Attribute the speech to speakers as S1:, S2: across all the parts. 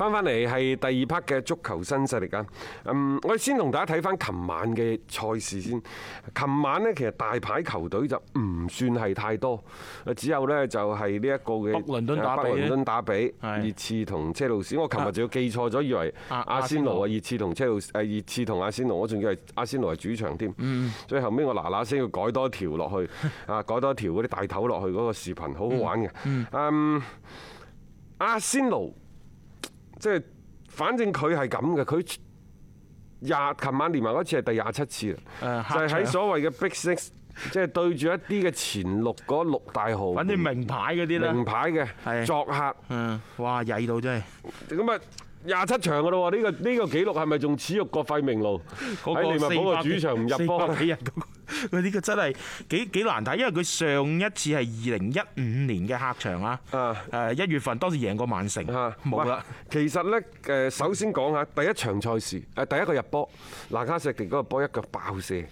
S1: 翻翻嚟係第二 part 嘅足球新勢力啊！嗯，我哋先同大家睇翻琴晚嘅賽事先。琴晚呢，其實大牌球隊就唔算係太多，只有呢就係呢一個嘅北倫敦打北倫敦打比，熱刺同車路士。我琴日仲要記錯咗，以為阿仙奴啊，熱刺同車路士誒，熱刺同阿仙奴，我仲以為阿仙奴係主場添。最嗯。所以後邊我嗱嗱聲要改多條落去啊， 改多條嗰啲大頭落去嗰、嗰個視頻，好好玩嘅。嗯，阿仙奴。即係，反正佢係咁嘅，佢廿琴晚連埋嗰次係第廿七次啦，
S2: 就喺所
S1: 謂嘅 Big Six，即係對住一啲嘅前六嗰六大豪。反正名
S2: 牌嗰啲啦。名牌嘅，作客。嗯。哇，曳到真
S1: 係。咁啊，廿七場嘅咯喎，呢個
S2: 呢個紀錄係咪仲恥辱過費明路？喺利物浦個 400 主場唔入波幾人？佢呢個真係幾幾難睇，因為佢上一次係二零一五年嘅客場啊，誒一、uh, uh, 月份當時贏過曼城，冇啦、uh,。
S1: 其實呢，
S2: 誒，首先講下
S1: 第一場賽事誒，不第一個入波，拿卡錫迪嗰個波一腳爆射，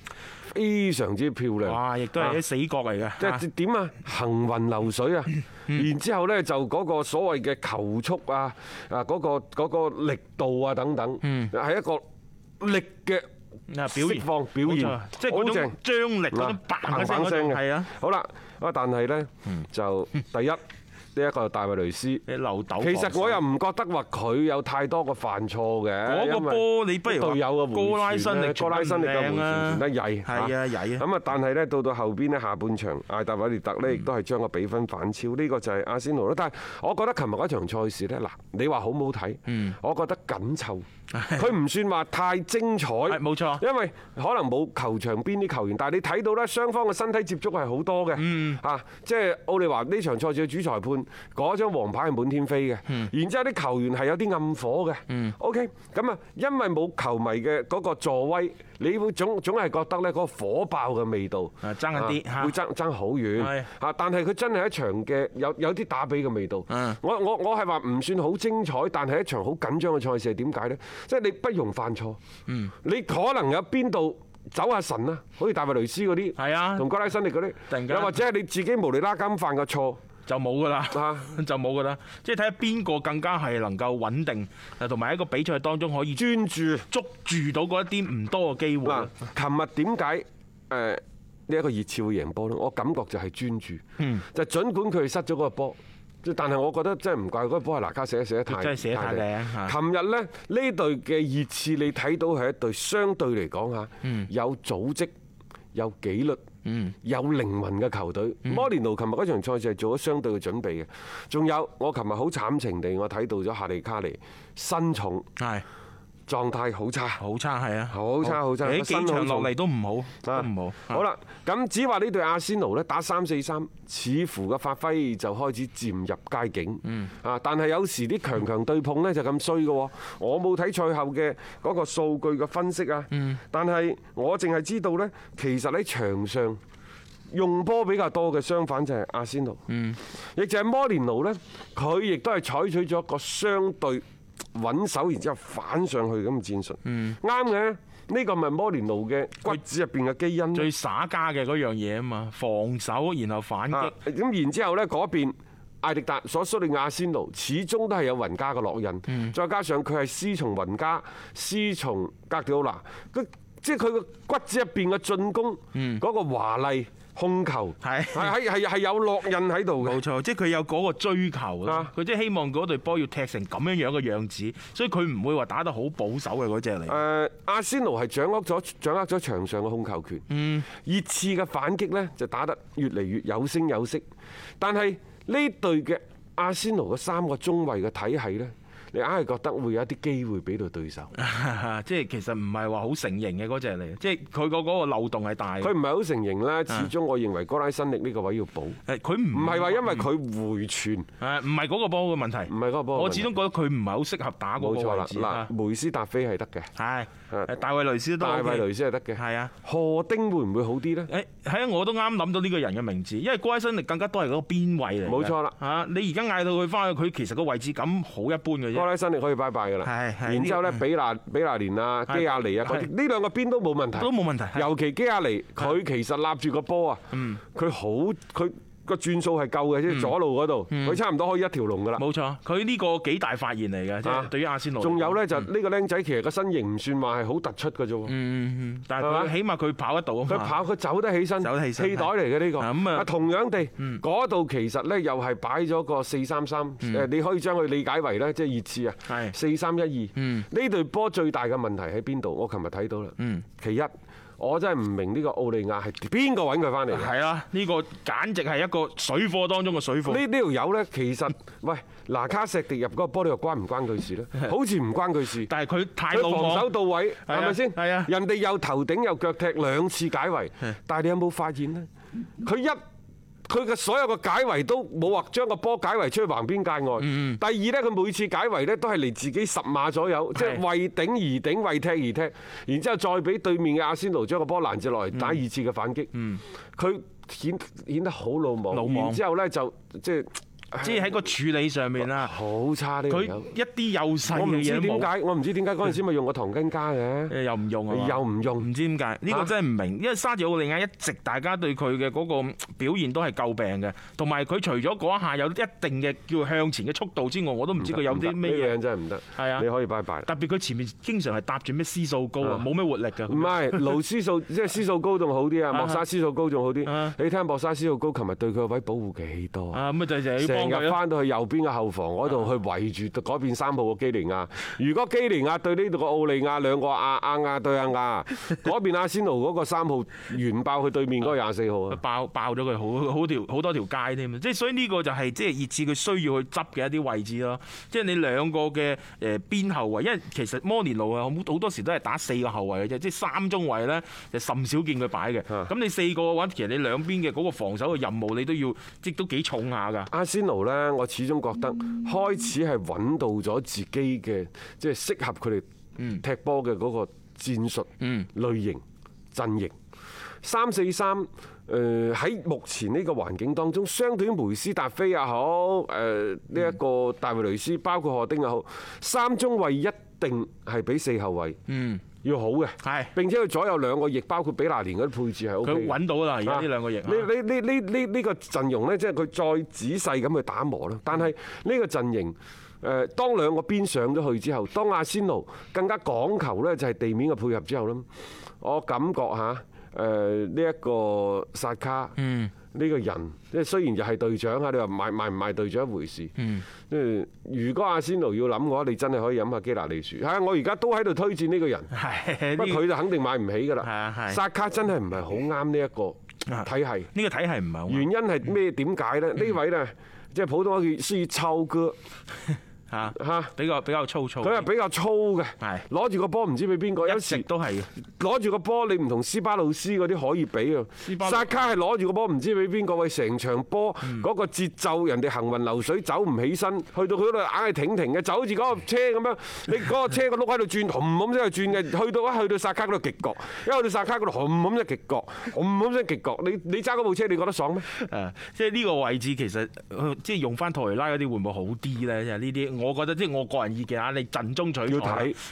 S1: 非常之漂亮。哇！亦都係啲死角嚟嘅，uh, 即係點啊？行雲流水啊！ 然之後呢，就嗰個所謂嘅球速啊，啊、那、嗰、個嗰個力度啊等等，嗯，係一個力嘅。釋放表現，即係嗰種張力嗰種 bang 嘅聲嘅。係啊，好啦，啊但係咧就第一呢一個大衛雷斯，其實我又唔覺得話佢有太多嘅犯錯嘅。嗰個波你不如有個回旋，哥拉辛力、哥拉辛力嘅回旋，轉得曳。
S2: 係啊，曳啊。咁啊，但
S1: 係咧到到後邊咧下半場，艾達維列特咧亦都係將個比分反超。呢個就係阿仙奴啦。但係我覺得琴日嗰場賽事咧，嗱你話好唔好睇？我覺得緊湊。佢唔算話太精彩，係冇錯，因為可能冇球場邊啲球員，但係你睇到呢，雙方嘅身體接觸係好多嘅，嗯，即係奧利華呢場賽事嘅主裁判嗰張黃牌係滿天飛嘅，嗯，然之後啲球員係有啲暗火嘅，OK 咁啊，嗯 okay? 因為冇球迷嘅嗰個助威，你會總總係覺得呢嗰個火爆嘅味道，啊，爭一啲嚇，會爭爭好遠，係是 但係佢真係一場嘅有有啲打比嘅味道，嗯，我我我係話唔算好精彩，但係一場好緊張嘅賽事，係點解呢？即係你不容犯錯，嗯，你可能有邊度走下神啊，好似大衛雷斯
S2: 嗰啲，係啊，同哥拉辛力嗰啲，突然間，或者係你自己無厘啦更咁犯個錯就冇㗎喇，嚇、啊、就冇㗎喇，即係睇下邊個更加係能夠穩定，同埋喺個比賽當中可以專注捉住到嗰一啲唔多嘅機會。嗱、嗯，琴日點解誒
S1: 呢一個熱刺會贏波呢？我感覺就係專注，嗯，就儘管佢失咗個波。但係我覺得真係唔怪，嗰個波係哪卡寫得寫得太，真係寫太靚嚇！琴日呢，呢、嗯、隊嘅熱刺，你睇到係一隊相對嚟講嚇，有組織、有紀律、有靈魂嘅球隊。嗯、摩連奴琴日嗰場賽事係做咗相對嘅準備嘅。仲有我琴日好慘情地，我睇到咗哈利卡尼身重。狀態好差，好差係啊，好差好差，個身場落嚟都唔好，都唔好。好啦，咁只話呢隊阿仙奴咧打三四三，似乎嘅發揮就開始漸入佳境。嗯。啊，但係有時啲強強對碰呢就咁衰嘅喎。我冇睇賽後嘅嗰個數據嘅分析啊。但係我淨係知道呢，其實喺場上用波比較多嘅相反就係阿仙奴。嗯。亦就係摩連奴呢，佢亦都係採取咗一個相對。穩守，然之後反上去咁嘅戰術、嗯，啱嘅。呢個咪摩連奴嘅骨子入邊嘅基因，最耍家嘅嗰樣嘢啊嘛！防守然後反擊、啊，咁然之後咧，嗰邊艾迪達索蘇利亞仙奴始終都係有雲家嘅烙印，嗯、再加上佢係師從雲家，師從格迪奧拿，佢即係佢個骨子入邊嘅進攻
S2: 嗰、嗯、個華麗。控球係係係係有烙印喺度嘅，冇錯，即係佢有嗰個追求咯。佢即係希望嗰隊波要踢成咁樣樣嘅樣子，所以佢唔會話打得好保守嘅嗰隻嚟。誒，阿仙奴係掌握咗掌握咗場上嘅控球權，熱
S1: 刺嘅反擊呢就打得越嚟越有聲有色，但係呢隊嘅阿仙奴嘅三個中衞嘅體系呢。你硬係覺得會有啲機會俾到對手，
S2: 即係其實唔係話好成形嘅嗰隻嚟，即係佢個嗰個漏洞係大。佢唔係
S1: 好成形啦，始終我認為哥拉辛力呢個位要補。誒，佢唔唔係話因為佢回傳
S2: 誒，唔係嗰個波嘅問題，唔係嗰個波。我始終覺得佢唔係好適合打嗰個位置嚇。梅斯達菲係得嘅，係誒，大衛雷斯都得嘅，大衛雷斯係得嘅，係啊。荷丁會唔會好啲咧？誒，係啊，我都啱諗到呢個人嘅名字，因為哥拉辛力更加多係嗰個邊位嚟，冇錯啦嚇。你而家嗌到佢翻去，佢其實個位置噉好一般嘅。哥斯是拉新力可以拜拜噶啦，係，然之後咧，比
S1: 拿比拿連啊，基亞尼啊，呢兩個邊都冇問題，都冇問題。尤其基亞尼，佢對其實立住個波啊，佢好佢。個轉數係夠嘅，即係左路嗰度，佢差唔多可以一條龍噶啦。冇錯，
S2: 佢呢個幾大發現嚟嘅，即係對於阿仙奴。仲
S1: 有呢，就呢個僆仔其實個身形唔算話係好突出嘅啫
S2: 喎。但係佢起碼佢跑得到，佢跑佢走
S1: 得起身，氣袋嚟嘅呢個。同樣地，嗰度其實呢又係擺咗個四三三，你可以將佢理解為呢，即係熱刺啊，四三一二。呢隊波最大嘅問題喺邊度？我琴日睇到啦。其一。我真係唔明呢個奧利亞係
S2: 邊個揾佢翻嚟？係啊，呢、這個簡直係一個水貨當中嘅水貨，這個。這個，
S1: 呢呢條友咧，其實喂，嗱卡石跌入嗰個玻璃又關唔關佢事咧？是啊，好似唔關佢事。但係佢太老防守到位係咪先？係啊，人哋又頭頂又腳踢兩次解圍，是啊，但係你有冇發現咧？佢一佢嘅所有嘅解圍都冇話將個波解圍出去橫邊界外。嗯、第二呢，佢每次解圍呢都係嚟自己十碼左右，即係是的 為頂而頂，為踢而踢。然之後再俾對面嘅阿仙奴將個波攔截落嚟打二次嘅反擊。佢顯、嗯、顯得好魯莽，魯莽然之後呢，就即係。
S2: 即係喺個處理上面啦，好差啲。佢一啲幼細嘅嘢冇。點解，我
S1: 唔知點解嗰陣時咪用個糖精加嘅，又唔用，又唔用，唔知點解。呢個真係唔明，
S2: 因為沙治奧利亞一直大家對佢嘅嗰個表現都係詬病嘅，同埋佢除咗嗰一下有一定嘅叫向前嘅速度之外，我都唔知佢有啲咩嘢。真係唔得。係啊，你可以拜拜。特別佢前面經常係搭住咩絲數高啊，冇咩活力㗎。唔係，勞絲
S1: 數即係絲數高仲好啲啊，莫沙絲數高仲好啲。你睇莫沙絲數高，琴日對佢個位保護幾多啊？啊，咁啊成日翻到去右邊嘅後防嗰度去圍住嗰邊三號嘅基尼亞。如果基尼亞對呢度嘅奧利亞，兩個亞、亞、亞對亞亞，嗰 邊阿仙奴嗰個三號完爆佢對
S2: 面嗰個廿四號，爆爆咗佢，好好條好多條街添。即係所以呢個就係即係熱刺佢需要去執嘅一啲位置咯。即係你兩個嘅誒邊後衞，因為其實摩連奴啊好多時都係打四個後衞嘅啫。即係三中衞咧就甚少見佢擺嘅。咁是的 你四個嘅話，其實你兩邊嘅嗰個防守嘅任務你都要即都幾重下㗎。阿仙咧，
S1: 我始終覺得開始係揾到咗自己嘅，即係適合佢哋踢波嘅嗰個戰術、嗯、類型、陣型。三四三，誒喺目前呢個環境當中，雙短梅斯達菲也好，誒呢一個大衛雷，雷斯，包括賀丁也好，三中衞一定係比四後衞。嗯嗯要好嘅，係並且佢左右兩個翼，包括比那連嗰啲配置係好，佢揾到啦，
S2: 而家呢兩個翼、啊。呢
S1: 呢呢呢呢呢個陣容咧，即係佢再仔細咁去打磨啦。但係呢個陣型，誒當兩個邊上咗去之後，當阿仙奴更加講求咧，就係地面嘅配合之後啦。我感覺吓，誒呢一個薩卡。嗯。呢個人即係雖然就係隊長啊，你話賣賣唔賣隊長一回事。嗯，即係如果阿仙奴要諗嘅話，你真係可以飲下基拿利舒嚇。我而家都喺度推薦呢個人，不過佢就肯定買唔起㗎啦。係啊係，薩卡真係唔係好啱呢一個體系。呢、啊呢個體系唔係，原因係咩？點解咧？嗯、位呢位咧，即、就、係、是、普通話叫輸秋哥。 嚇嚇比較比較粗糙，佢係比較粗嘅。係攞住個波唔知俾邊個？一直都係嘅。攞住個波你唔同斯巴魯斯嗰啲可以比啊。斯巴魯薩卡係攞住個波唔知俾邊個？喂，成場波嗰個節奏，人哋行雲流水走唔起身，去到佢嗰度硬係停停嘅，就好似嗰個車咁樣。你嗰個車個碌喺度轉，轟咁聲轉嘅，去到一去到薩卡嗰度極角，一去到薩卡嗰度轟咁聲極角，轟咁
S2: 聲極角。你你揸嗰部車，你覺得爽咩？即係呢個位置其實即係用翻托尼拉嗰啲會唔會好啲咧？即係呢啲。我覺得即係我個人意見啊，你陣中取要睇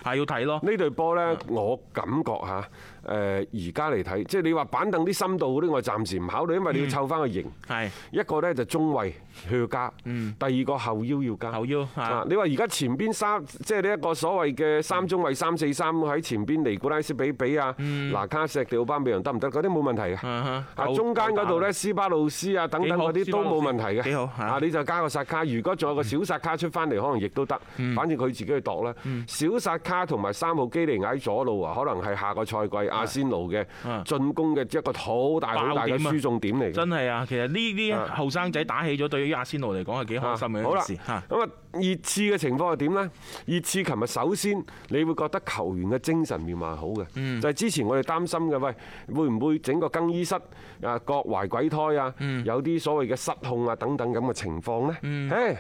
S2: 看係要睇咯，呢隊波咧，我感覺吓。誒而家嚟睇，即係你話板凳啲深
S1: 度嗰啲，我暫時唔考慮，因為你要湊翻個型。係一個咧就中衞要加，第二個後腰要加。後腰係啊！你話而家前邊三，即係呢一個所謂嘅三中衞三四三喺前邊，尼古拉斯比比啊，拿卡石掉班俾人得唔得？嗰啲冇問題
S2: 嘅。
S1: 啊，中間嗰度咧，斯巴魯斯啊等等嗰啲都冇問題嘅。幾好啊！你就加個薩卡，如果仲有個小薩卡出翻嚟，可能亦都得。反正佢自己去度啦。小薩卡同埋三號基尼喺左路啊，可能係下個賽季。阿仙奴嘅進攻嘅一個好大好大嘅輸送點嚟嘅，真
S2: 係啊！其實呢啲後生仔打起咗，對於阿仙奴嚟講係幾開心嘅一件事。好
S1: 啦，咁啊，熱刺嘅情況係點呢？熱刺琴日首先，你會覺得球員嘅精神面貌係好嘅，就係之前我哋擔心嘅，喂，會唔會整個更衣室啊，各懷鬼胎啊，有啲所謂嘅失控啊等等咁嘅情況呢？誒！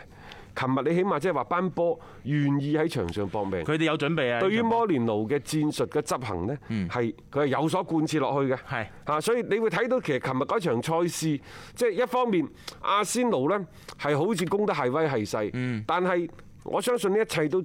S1: 琴日你起碼即係話班波願意喺場上搏命，佢
S2: 哋有準備啊！對於摩
S1: 連奴嘅戰術嘅執行呢，係佢係有所貫徹落去嘅，嚇。係啊，所以你會睇到其實琴日嗰場賽事，即係一方面阿仙奴呢係好似攻得係威係勢，嗯、但係我相信呢一切都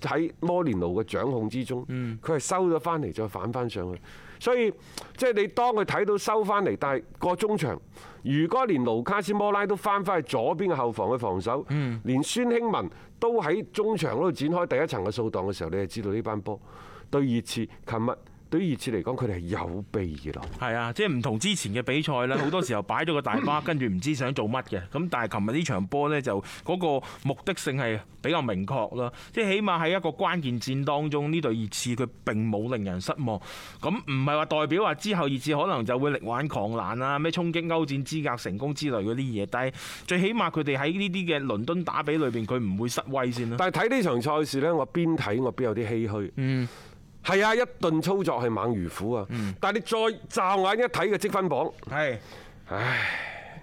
S1: 喺摩連奴嘅掌控之中，佢係收咗翻嚟再反翻上去。所以即係你當佢睇到收翻嚟，但係個中場如果連盧卡斯摩拉都翻翻去左邊嘅後防嘅防守，嗯、連孫興文都喺中場嗰度展開第一層嘅掃蕩嘅時候，你就知道呢班波對熱刺，琴日。對於熱刺嚟講，佢哋係有備嘅咯。
S2: 係啊，即係唔同之前嘅比賽啦，好多時候擺咗個大巴，跟住唔知想做乜嘅。咁但係琴日呢場波呢，就嗰個目的性係比較明確啦。即係起碼喺一個關鍵戰當中，呢隊熱刺佢並冇令人失望。咁唔係話代表話之後熱刺可能就會力挽狂瀾啊，咩衝擊歐戰資格成功之類嗰啲嘢。但係最起碼佢哋喺呢啲嘅倫敦打比裏邊，佢唔會失威先。但係
S1: 睇呢場賽事呢，我邊睇我邊有啲唏噓。嗯。係啊，一頓操作係猛如虎啊！嗯、但係
S2: 你再驟眼一睇嘅積分榜，係是，唉。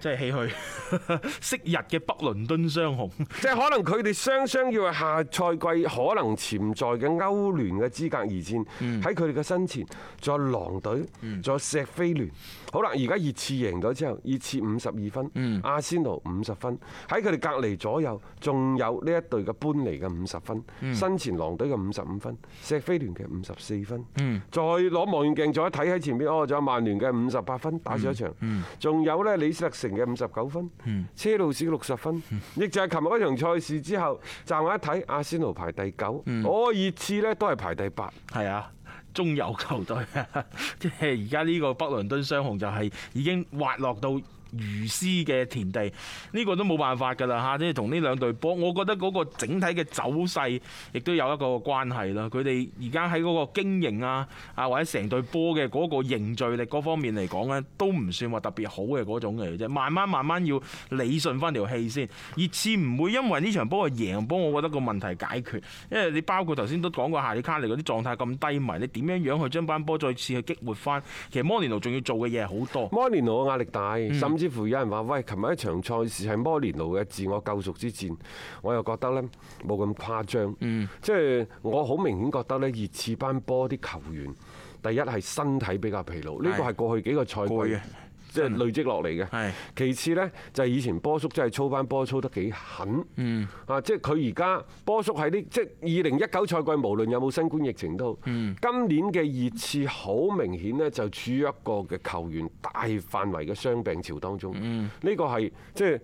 S2: 即係唏噓昔日嘅北倫敦雙雄 ，
S1: 即係可能佢哋雙雙要下賽季可能潛在嘅歐聯嘅資格而戰。喺佢哋嘅身前，仲有狼隊，仲，嗯、有石飛聯。好啦，而家熱刺贏咗之後，熱刺五十二分，嗯、阿仙奴五十分。喺佢哋隔離左右，仲有呢一隊嘅搬離嘅五十分，身，嗯、前狼隊嘅五十五分，石飛聯嘅五十四分。嗯、再攞望遠鏡再睇喺前邊，哦，仲有曼聯嘅五十八分，打咗一場。仲，嗯、有咧，李斯特嘅五十九分，車路士六十分，亦 就係琴日嗰場賽事之後，站下一睇，阿仙奴排第九， 我熱刺呢都係排第
S2: 八，係啊，中游球隊啊，即係而家呢個北倫敦雙雄就係已經滑落到。如斯嘅田地，呢個都冇辦法㗎啦嚇！即係同呢兩隊波，我覺得嗰個整體嘅走勢，亦都有一個關係啦。佢哋而家喺嗰個經營啊，啊或者成隊波嘅嗰個凝聚力嗰方面嚟講咧，都唔算話特別好嘅嗰種嘅啫。慢慢慢慢要理順翻條氣先，熱刺唔會因為呢場波嘅贏波，我覺得個問題解決。因為你包括頭先都講過，夏利卡尼嗰啲狀態咁低迷，你點樣樣去將班波再次去激活翻？其實摩連奴仲要做嘅嘢好多，摩連奴嘅壓力大，嗯似乎有人話，喂，琴日一場賽事係摩連奴嘅自我救贖之
S1: 戰，我又覺得呢冇咁誇張，即係、嗯、我好明顯覺得呢熱刺班波啲球員，第一係身體比較疲勞，呢個係過去幾個賽季。即係累積落嚟嘅。其次呢，就係以前波叔真係操翻波操得幾狠。啊，即係佢而家波叔喺呢，即係二零一九賽季，無論有冇新冠疫情都好。嗯、今年嘅熱刺好明顯呢，就處於一個嘅球員大範圍嘅傷病潮當中。呢個係即係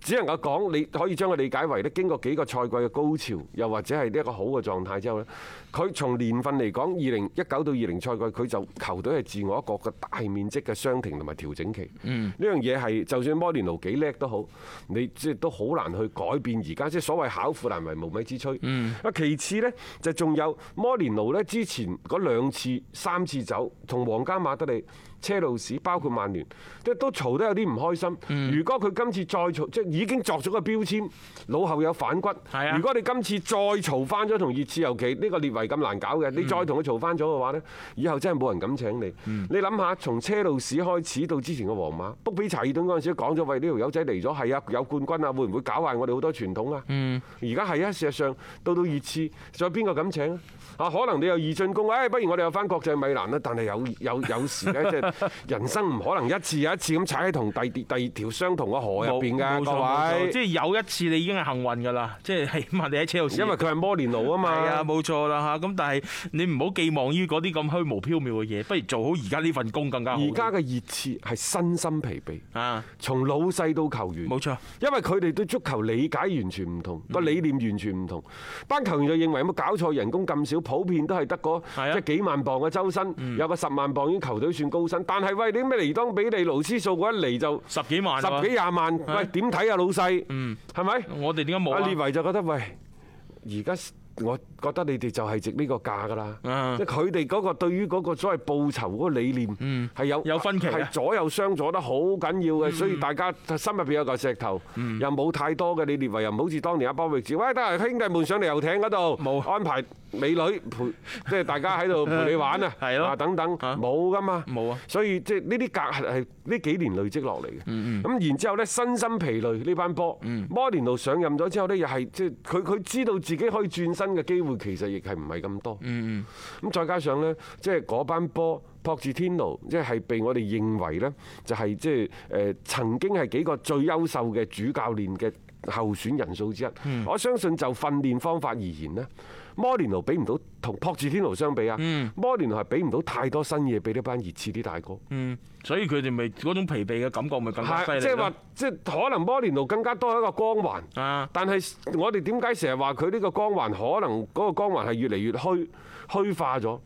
S1: 只能夠講，你可以將佢理解為咧，經過幾個賽季嘅高潮，又或者係一個好嘅狀態之後呢。佢從年份嚟講，二零一九到二零賽季，佢就球隊係自我一個嘅大面積嘅傷停同埋調整期。呢、嗯、樣嘢係就算摩連奴幾叻都好，你即係都好難去改變而家即係所謂巧婦難為無米之炊。啊，嗯、其次呢，就仲有摩連奴呢，之前嗰兩次、三次走，同皇家馬德里、車路士包括曼聯，即都嘈得有啲唔開心。如果佢今次再嘈，即係已經作咗個標籤，腦後有反骨。嗯、如果你今次再嘈翻咗同熱刺尤其呢個列係咁難搞嘅，你再同佢嘈返咗嘅話呢，以後真係冇人敢請你。你諗下，從車路士開始到之前嘅皇馬 b o 俾柴爾頓嗰陣時講咗，喂，呢條友仔嚟咗係啊，有冠軍啊，會唔會搞壞我哋好多傳統啊？而家係啊，事實上到到熱刺，再邊個敢請啊？可能你有二進攻，哎，不如我哋有返國際米蘭啦。但係有有有時咧，即、就是、人生唔可能一次又一次咁踩喺同第二第二條相同嘅河入邊㗎，即係各位、就
S2: 是、有一次你已經係幸運㗎啦，即、就、係、是、起碼你喺車路。因為佢係摩連奴啊嘛。冇錯啦。的啊！咁但係你唔好寄望於嗰啲咁虛無縹緲嘅嘢，不如做好而家呢份工更加好。而家嘅熱刺係身心疲憊啊！從老細到球員，冇錯，因為佢哋對足球理解
S1: 完全唔同，個理念完全唔同。班球員就認為有冇搞錯？人工咁少，普遍都係得個即係幾萬磅嘅周薪，有個十萬磅已經球隊算高薪。但係喂，你咩嚟當比利、勞斯數一嚟就十幾萬、十幾廿萬，喂點睇啊老細？
S2: 嗯，
S1: 係咪？我哋點解冇啊？列維就覺得喂，而家。我覺得你哋就係值呢個價㗎啦，即係佢哋嗰個對於嗰個所謂報酬嗰個理念係有有分歧，係左右相左得好緊要嘅，所以大家、嗯、心入邊有嚿石頭，又冇太多嘅。你列哋又唔好似當年阿包榮志，喂，得啊兄弟們上嚟遊艇嗰度冇安排。美女陪，即係大家喺度陪你玩啊，等等冇噶嘛，冇有啊，所以即係呢啲隔閡係呢幾年累積落嚟嘅。咁然之後呢，身心疲累呢班波。嗯嗯摩連奴上任咗之後呢，又係即係佢佢知道自己可以轉身嘅機會其實亦係唔係咁多。咁、嗯嗯、再加上呢，即係嗰班波普捷天奴，即係被我哋認為呢，就係即係誒曾經係幾個最優秀嘅主教練嘅。候選人數之一，我相信就訓練方法而言咧，嗯、摩連奴俾唔到同樸治天奴相比啊，嗯、摩連奴係俾唔到太多新嘢俾呢班熱刺啲大哥，嗯，
S2: 所以佢哋咪
S1: 嗰種疲憊嘅感覺咪更加犀利。即係話，即係可能摩連奴更加多一個光環，但係我哋點解成日話佢呢個光環可能嗰個光環係越嚟越虛虛化咗？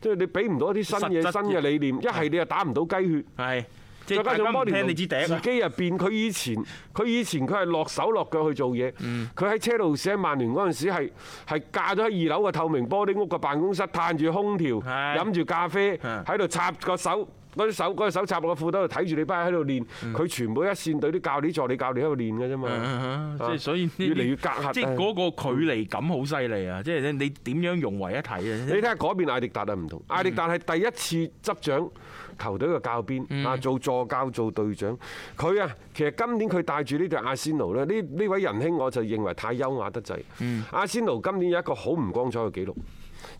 S1: 即係，嗯、你俾唔到一啲新嘢，質新嘅理念，一係你又打唔到雞血。再加上摩連奴自己入邊，佢以前佢以前佢係落手落腳去做嘢，佢喺、嗯、車路士、喺曼聯嗰陣時係係架咗喺二樓嘅透明玻璃屋嘅辦公室，嘆住空調，飲住是的 咖啡，喺度是的 插個手。嗰隻手，嗰隻手插落個褲兜度睇住你班喺度練，佢、嗯、全部一線隊啲教練、助理教練喺度練嘅啫嘛。即係所以越嚟越隔閡。即係嗰個
S2: 距離感好犀利啊！嗯、即係你點樣融為一體啊？你睇下
S1: 嗰邊艾迪達啊，唔同艾迪達係第一次執掌球隊嘅教鞭啊，嗯、做助教做隊長。佢啊，其實今年佢帶住呢隊阿仙奴咧，呢呢位仁兄我就認為太優雅得滯。嗯嗯、阿仙奴今年有一個好唔光彩嘅記錄。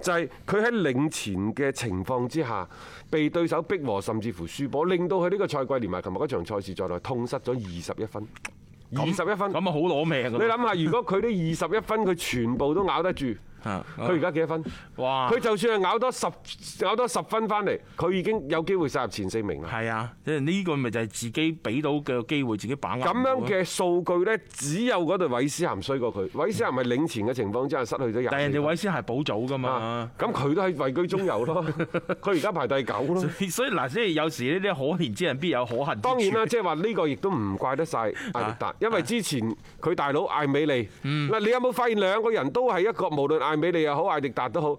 S1: 就係佢喺領前嘅情況之下，被對手逼和，甚至乎輸波，令到佢呢個賽季連埋琴日嗰場賽事在內，痛失咗二十一分。二十一分咁啊，好攞命。你諗下，如果佢啲二十一分佢全部都咬得住。啊！佢而家幾多分？哇！佢就算係咬多十咬多十分翻嚟，佢已經有機會殺入前四名啦。係啊，即係呢個咪
S2: 就係自己俾到嘅機會，自己把握。咁樣嘅
S1: 數據咧，只有嗰對韋斯咸衰過佢。韋斯咸咪領前嘅情況之下失去咗人。但係人哋韋斯咸係保組㗎嘛，咁佢都係位居中游咯。佢而家排第九咯。
S2: 所以嗱，所以有時呢啲可憐之人必有
S1: 可恨。當然啦，即係話呢個亦都唔怪得曬艾達，因為之前佢大佬艾美利嗱，你有冇發現兩個人都係一個無論艾俾你又好，艾迪達都好。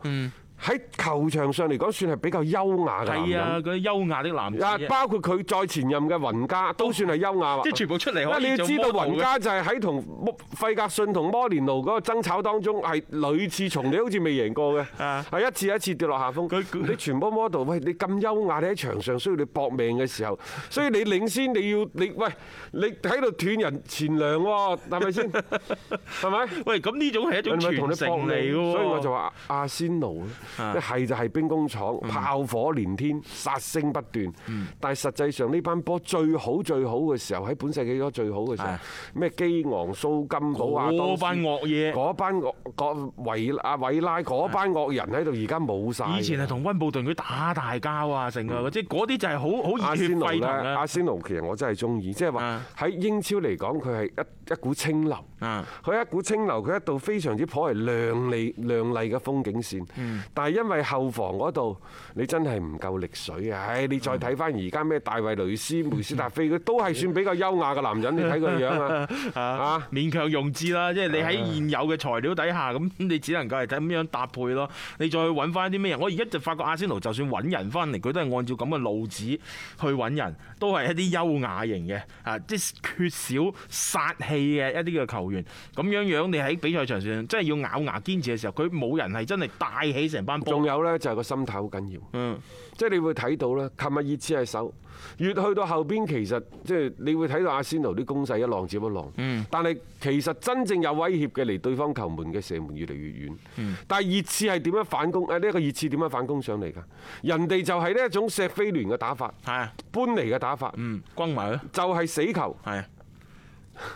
S1: 喺球場上嚟講，算係比較優雅嘅男人。係啊，嗰啲優雅的男。啊，包括佢再前任嘅雲加都算係優雅。即係全部出嚟可以做 model。你要知道雲加就係喺同費格遜同摩連奴嗰個爭吵當中係屢次從你，好似未贏過嘅。啊！係一次一次跌落下風。你全部 model，喂，你咁優雅，你喺場上需要你搏命嘅時候，所以你領先，你要你喂，你喺度斷人前樑喎，係咪先？
S2: 係咪？喂，咁呢種係一種傳承嚟嘅喎。所以我就話
S1: 阿仙奴咧。一係就係兵工廠，炮火連天，殺聲不斷。嗯、但係實際上呢班波最好最好嘅時候，喺本世紀嗰最好嘅時候，咩是 基昂蘇金寶啊，多班惡嘢，嗰班惡嗰維阿維拉嗰班惡人喺度，而家冇晒。
S2: 是 以前係同溫布頓佢打大交啊，成啊是，即係嗰啲就係好好熱血沸騰。阿
S1: 仙奴其實我真係中意，即係話喺英超嚟講，佢係一一股清流。佢一股清流，佢一道非常之頗為亮麗亮麗嘅風景線。嗯但係因為後防嗰度，你真係唔夠力水啊！你再睇翻而家咩大衛雷斯、梅斯達菲，佢
S2: 都係算比較優雅嘅男人。你睇佢樣啊 勉強用字啦，即係你喺現有嘅材料底下，咁 你只能夠係咁樣搭配咯。你再揾翻啲咩人？我而家就發覺阿仙奴就算揾人翻嚟，佢都係按照咁嘅路子去揾人，都係一啲優雅型嘅，嚇，即係缺少殺氣嘅一啲嘅球員。咁樣樣你喺比賽場上真係要咬牙堅持嘅時候，佢冇人係真係帶起成。仲有呢，就係個心態好緊要，即係、嗯、你會睇到咧，琴日熱刺係守，越去到後
S1: 邊其實即係、就是、你會睇到阿仙奴啲攻勢一浪接一浪，嗯、但係其實真正有威脅嘅離對方球門嘅射門越嚟越遠。但係熱刺係點樣反攻？誒呢一個熱刺點樣反攻上嚟㗎？人哋就係呢一種石飛聯嘅打法，是啊、搬嚟嘅打法，
S2: 均埋、嗯、就係死球。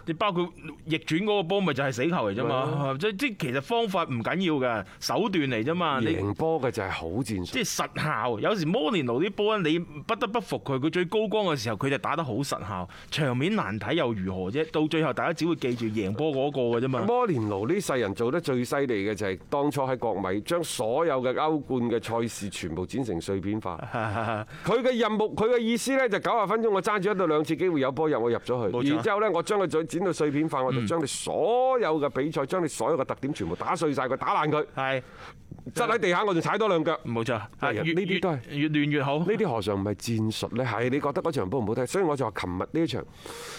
S2: 你包括逆轉嗰個波，咪就係死球嚟啫嘛？即係是的 其實方法唔緊要嘅，手段嚟啫嘛。贏波嘅就係好戰術。即係實效，有時摩連奴啲波咧，你不得不服佢。佢最高光嘅時候，佢就打得好實效。場面難睇又如何啫？到最後大家只會記住贏波嗰個嘅啫嘛。摩連奴呢世人做得最犀利嘅就係當初喺國米將所有嘅歐冠
S1: 嘅賽事全部剪成碎片化。佢嘅 任務，佢嘅意思咧就九十分鐘，我爭住一到兩次機會有波入，我入咗去。然錯之後咧，我將佢。再剪到碎片化，我就將你所有嘅比賽，將、嗯、你所有嘅特點全部打碎晒，佢，打爛，佢。係。踭喺地下，我就踩多兩腳，冇錯，啊，越越都係越亂越好。呢啲何嘗唔係戰術咧？係，你覺得嗰場波唔好睇，所以我就話琴日呢一場，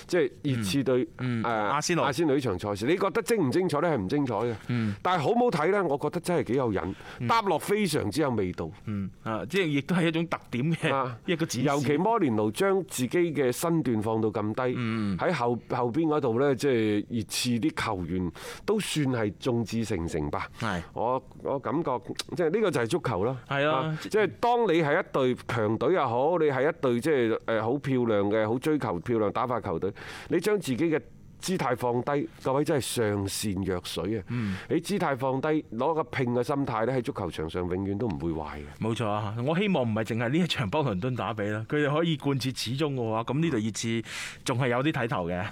S1: 即係熱刺對，誒阿仙奴、阿仙奴呢場賽事，你覺得精唔精彩咧？係唔精彩嘅。嗯。但係好唔好睇咧？我覺得真係幾有癮，搭落非常之有味道。
S2: 嗯。啊，即係亦都係一種特點嘅一個指。尤其
S1: 摩連奴將自己嘅身段放到咁低，喺後後邊嗰度咧，即係熱刺啲球員都算係眾志成城吧。係。我我感覺。即係呢個就係足球咯的，係啊，即係當你係一隊強隊又好，你係一隊即係誒好漂亮嘅好追求漂亮打法球隊，你將自己嘅姿態放低，各位真係上善若水啊！嗯、你姿態放低，攞個拼嘅心態咧，喺足球場上永遠都唔會
S2: 壞嘅。冇錯啊！我希望唔係淨係呢一場波倫敦打比啦，佢哋可以貫徹始終嘅話，咁呢度熱刺仲係有啲睇頭嘅。